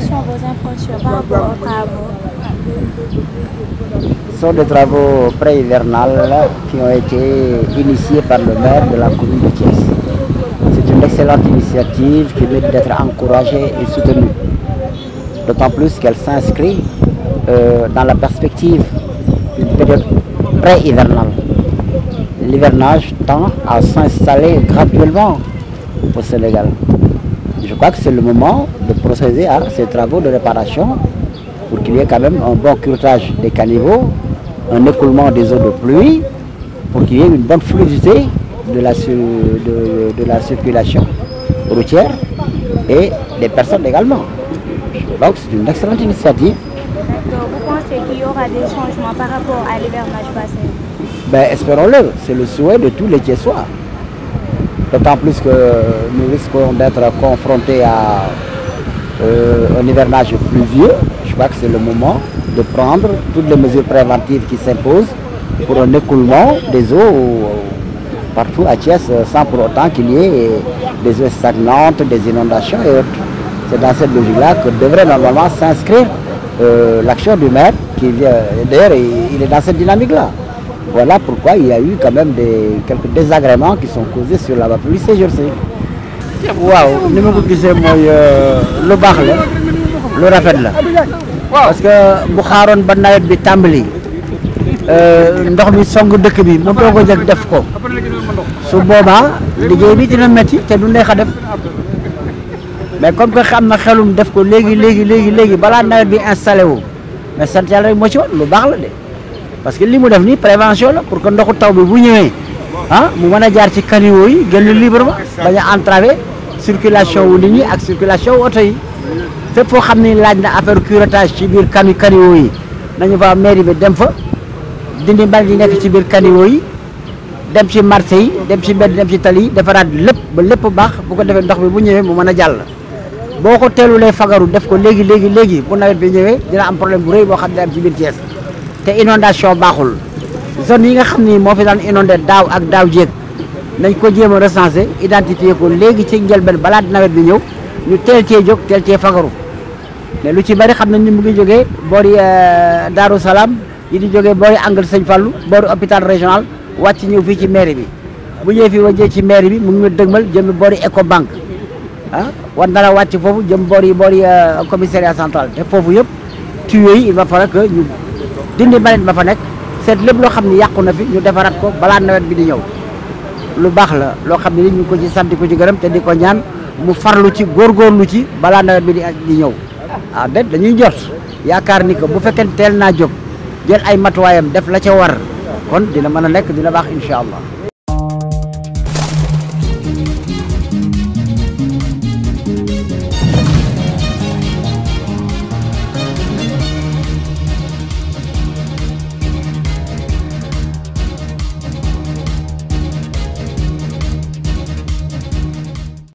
sont vos Ce sont des travaux pré-hivernales qui ont été initiés par le maire de la commune de Thiès. C'est une excellente initiative qui mérite d'être encouragée et soutenue. D'autant plus qu'elle s'inscrit euh, dans la perspective pré-hivernale. L'hivernage tend à s'installer graduellement au Sénégal je crois que c'est le moment de procéder à ces travaux de réparation pour qu'il y ait quand même un bon curtage des caniveaux, un écoulement des eaux de pluie, pour qu'il y ait une bonne fluidité de la, de, la circulation routière et des personnes également. Donc c'est une excellente initiative. vous pensez qu'il y aura des changements par rapport à l'hivernage passé ben, Espérons-le, c'est le souhait de tous les soirs D'autant plus que nous risquons d'être confrontés à euh, un hivernage pluvieux. Je crois que c'est le moment de prendre toutes les mesures préventives qui s'imposent pour un écoulement des eaux partout à Thiès sans pour autant qu'il y ait des eaux stagnantes, des inondations et autres. C'est dans cette logique-là que devrait normalement s'inscrire euh, l'action du maire qui vient. D'ailleurs, il est dans cette dynamique-là. Voilà pourquoi il y a eu quand même des, quelques désagréments qui sont causés sur la vapeur je Waouh, nous avons le bar, le rafet là. Parce que Bukharon Banayet de Tambli, euh, ndox mi de a le mais comme que installé mais sant rek le ci parce que li mu def ni prévention la pour que ndoxu taw bi bu ñëwé ah mu mëna jaar ci caniveau yi gënal libre ba baña entraver circulation wu nit ñi ak circulation auto yi fepp fo xamni laaj na affaire curatage ci bir kami caniveau yi nañu fa mairie bi dem fa dindi mbal di nekk ci bir caniveau yi dem ci marché yi dem ci bed dem ci tali yi defaraat lépp ba lepp bax bu ko defé ndox bi bu ñëwé mu mëna jall boko telulé fagaru def ko légui légui légui bu nawet bi ñëwé dina am problème bu reuy bo xamni am ci bir Thiès te inondation baaxul zone yi nga xam ni moo fi daan inonde daaw ak daaw jéeg nañ ko jéem a recensé identifié ko léegi ci njëlbeen balaa nawet bi ñëw ñu teel cee jóg teel ce fagaru mais lu ci bari xam nañ ni mu ngi jógee boori euh, Darou Salaam yi di jógee boori angle Sëñ Fallou boori hôpital régional wàcc ñëw fii ci mairie bi bu ñëwee fii wàccee ci mairie bi mu ngi ñu dëgmal jëm boori Ecobank ah war na wàcc foofu jëm boori boori euh, commissariat central te foofu yëpp tuyaux dindi mbalit ba fa nekk seet lépp loo xam ne yàqu na fi ñu defaraat ko balaa nawet bi di ñëw lu baax la loo xam ne ni ñu ko ci ci gërëm te di ko ñaan mu farlu ci góor góorgóorlu ci balaa nawet bi di di ñëw ah déet dañuy jot yaakaar ni ko bu fekkee teel naa jóg jël ay matuwaayam def la cee war kon dina mën a nekk dina baax incha allah